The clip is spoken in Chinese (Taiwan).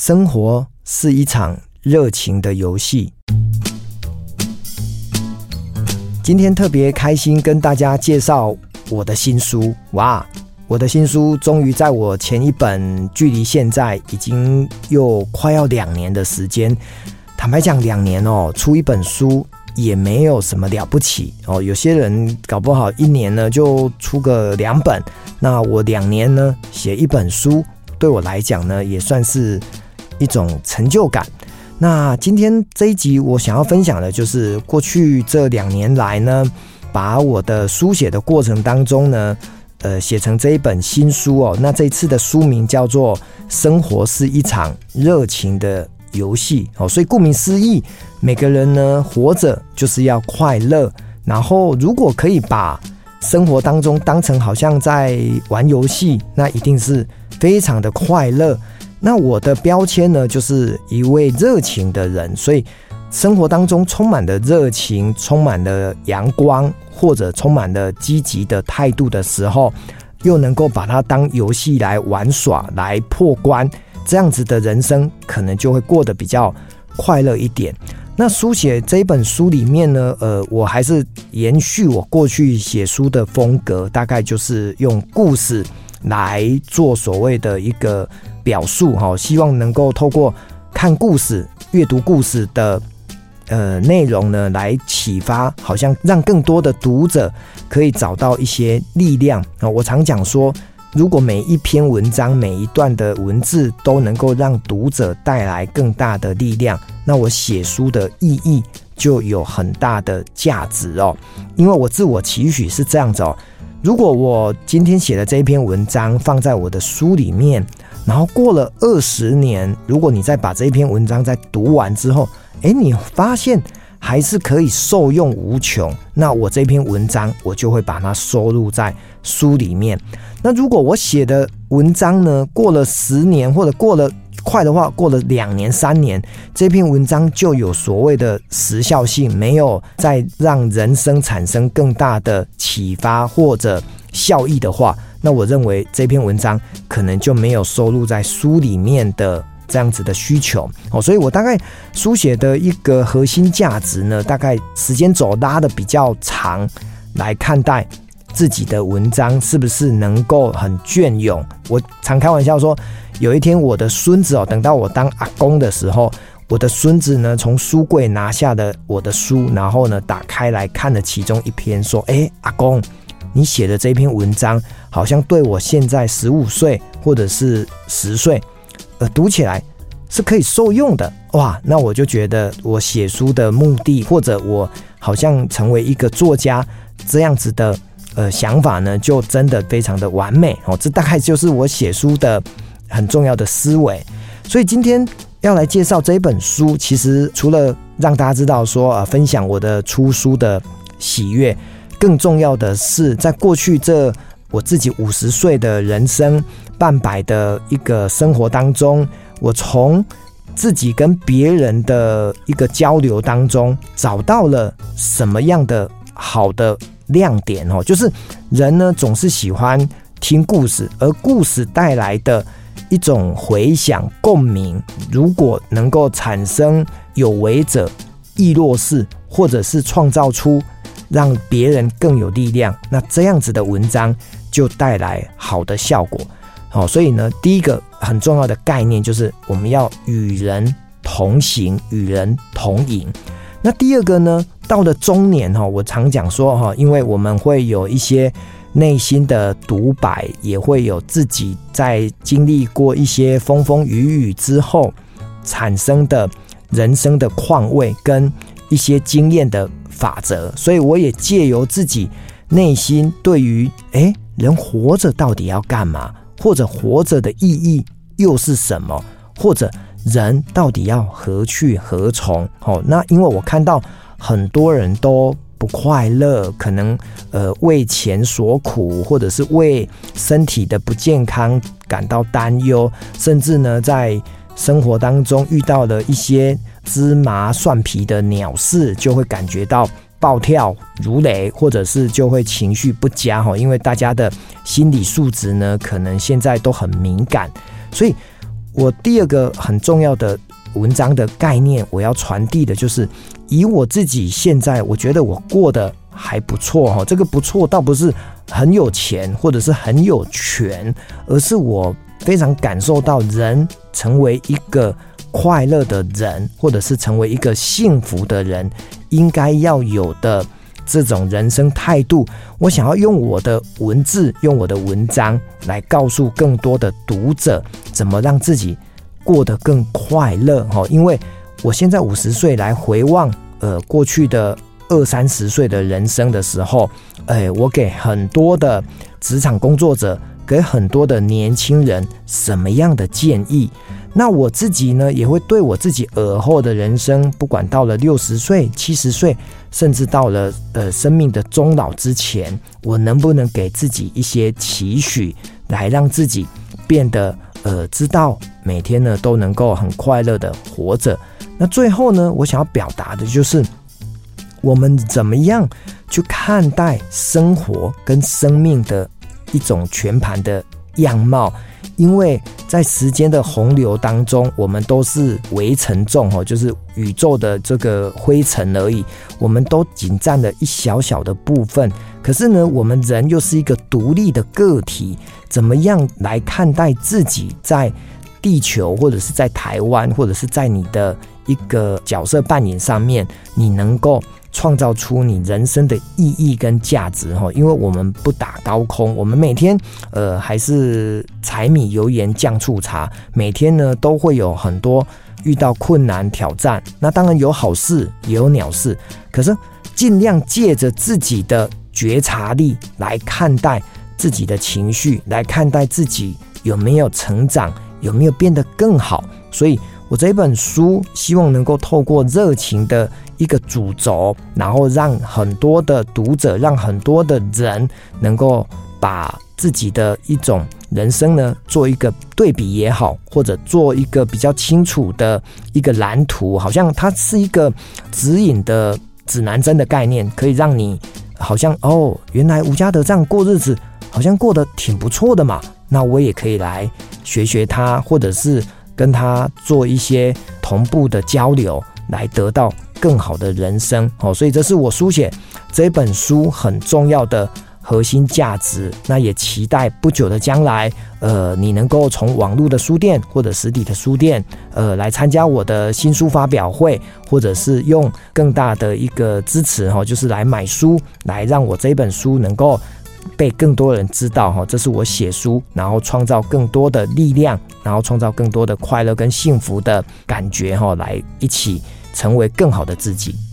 生活是一場熱情的遊戲。今天特別開心，跟大家介紹我的新書。哇，我的新書終於在我前一本，距離現在已經又快要兩年的時間。坦白講，兩年哦、喔，出一本書也沒有什麼了不起哦、喔。有些人搞不好一年呢就出個兩本，那我兩年呢寫一本書，對我來講呢也算是。一種成就感。那今天這一集我想要分享的，就是過去這兩年來呢，把我的書寫的過程當中呢，呃，寫成這一本新書哦。那這次的書名叫做《生活是一場熱情的遊戲》哦，所以顧名思義，每個人呢活着就是要快樂。然後如果可以把生活當中當成好像在玩遊戲，那一定是非常的快樂。那我的標籤呢，就是一位熱情的人，所以生活當中充滿了熱情，充滿了陽光，或者充滿了積極的態度的時候，又能夠把它當遊戲來玩耍，來破關，這樣子的人生可能就會過得比較快樂一點。那書寫這本書裡面呢，呃，我還是延續我過去寫書的風格，大概就是用故事來做所謂的一個。表述哈，希望能夠透過看故事、閱讀故事的呃內容呢，來啟發，好像讓更多的讀者可以找到一些力量啊。我常講說，如果每一篇文章、每一段的文字都能夠讓讀者帶來更大的力量，那我寫書的意義就有很大的價值哦。因為我自我期許是這樣子哦，如果我今天寫的這一篇文章放在我的書裡面。然後過了二十年，如果你再把這篇文章再讀完之後，誒，你發現還是可以受用無窮。那我這篇文章我就會把它收錄在書裡面。那如果我寫的文章呢，過了十年或者過了快的話，過了兩年三年，這篇文章就有所謂的時效性，沒有再讓人生產生更大的啟發或者效益的話。那我認為這篇文章可能就沒有收錄在書裡面的這樣子的需求哦，所以我大概書寫的一個核心價值呢，大概時間軸拉的比較長，來看待自己的文章是不是能夠很雋永。我常開玩笑說，有一天我的孫子哦、喔，等到我當阿公的時候，我的孫子呢，從書櫃拿下了我的書，然後呢打開來看了其中一篇，說：“哎、欸，阿公，你寫的這篇文章。”好像對我現在十五歲，或者是十歲，呃，讀起來是可以受用的哇！那我就覺得我寫書的目的，或者我好像成為一個作家這樣子的呃想法呢，就真的非常的完美哦。這大概就是我寫書的很重要的思維。所以今天要來介紹這一本書，其實除了讓大家知道說，啊、呃，分享我的出書的喜悅，更重要的是在過去這。我自己五十歲的人生半百的一個生活當中，我從自己跟別人的一個交流當中找到了什麼樣的好的亮點哦？就是人呢總是喜歡聽故事，而故事帶來的一種回響共鳴，如果能夠產生有為者亦若是，或者是創造出讓別人更有力量，那這樣子的文章。就帶來好的效果，好，所以呢，第一個很重要的概念就是我們要與人同行，與人同飲。那第二個呢，到了中年哈，我常講說哈，因為我們會有一些內心的獨白，也會有自己在經歷過一些風風雨雨之後產生的人生的況味跟一些經驗的法則，所以我也借由自己內心對於誒、欸人活着到底要幹嘛？或者活着的意義又是什麼？或者人到底要何去何從？哦，那因為我看到很多人都不快樂，可能呃為錢所苦，或者是為身體的不健康感到擔憂，甚至呢在生活當中遇到了一些芝麻蒜皮的鳥事，就會感覺到，暴跳如雷，或者是就會情緒不佳，哈，因為大家的心理素質呢，可能現在都很敏感。所以，我第二個很重要的文章的概念，我要傳遞的就是，以我自己現在，我覺得我過得還不錯，哈，這個不錯，倒不是很有錢，或者是很有權，而是我非常感受到人成為一個。快樂的人，或者是成為一個幸福的人，應該要有的這種人生態度。我想要用我的文字，用我的文章來告訴更多的讀者，怎麼讓自己過得更快樂。哦，因為我現在五十歲，來回望呃過去的二三十歲的人生的時候，哎，我給很多的職場工作者，給很多的年輕人什麼樣的建議？那我自己呢，也會對我自己爾後的人生，不管到了六十歲、七十歲，甚至到了呃生命的終老之前，我能不能給自己一些期許，來讓自己變得呃知道每天呢都能夠很快樂的活着？那最後呢，我想要表達的就是，我們怎麼樣去看待生活跟生命的一種全盤的。樣貌，因為在時間的洪流當中，我們都是微塵眾哦，就是宇宙的這個灰塵而已。我們都僅佔了一小小的部分，可是呢，我們人又是一個獨立的個體。怎麼樣來看待自己在地球，或者是在台灣，或者是在你的一個角色扮演上面，你能夠？創造出你人生的意義跟價值，哈，因為我們不打高空，我們每天，呃，還是柴米油鹽醬醋茶，每天呢都會有很多遇到困難、挑戰，那當然有好事也有鳥事，可是盡量借着自己的覺察力來看待自己的情緒，來看待自己有沒有成長，有沒有變得更好，所以我這一本書希望能夠透過熱情的。一個主軸，然後讓很多的讀者，讓很多的人能夠把自己的一種人生呢，做一個對比也好，或者做一個比較清楚的一個藍圖，好像它是一個指引的指南針的概念，可以讓你好像哦，原來吳家德這樣過日子，好像過得挺不錯的嘛，那我也可以來學學他，或者是跟他做一些同步的交流，來得到。更好的人生，哦，所以這是我書寫這本書很重要的核心價值。那也期待不久的將來，呃，你能夠從網絡的書店或者實體的書店，呃，來參加我的新書發表會，或者是用更大的一個支持，哈，就是來買書，來讓我這本書能夠被更多人知道，哈，這是我寫書，然後創造更多的力量，然後創造更多的快樂跟幸福的感覺，哈，來一起。成為更好的自己。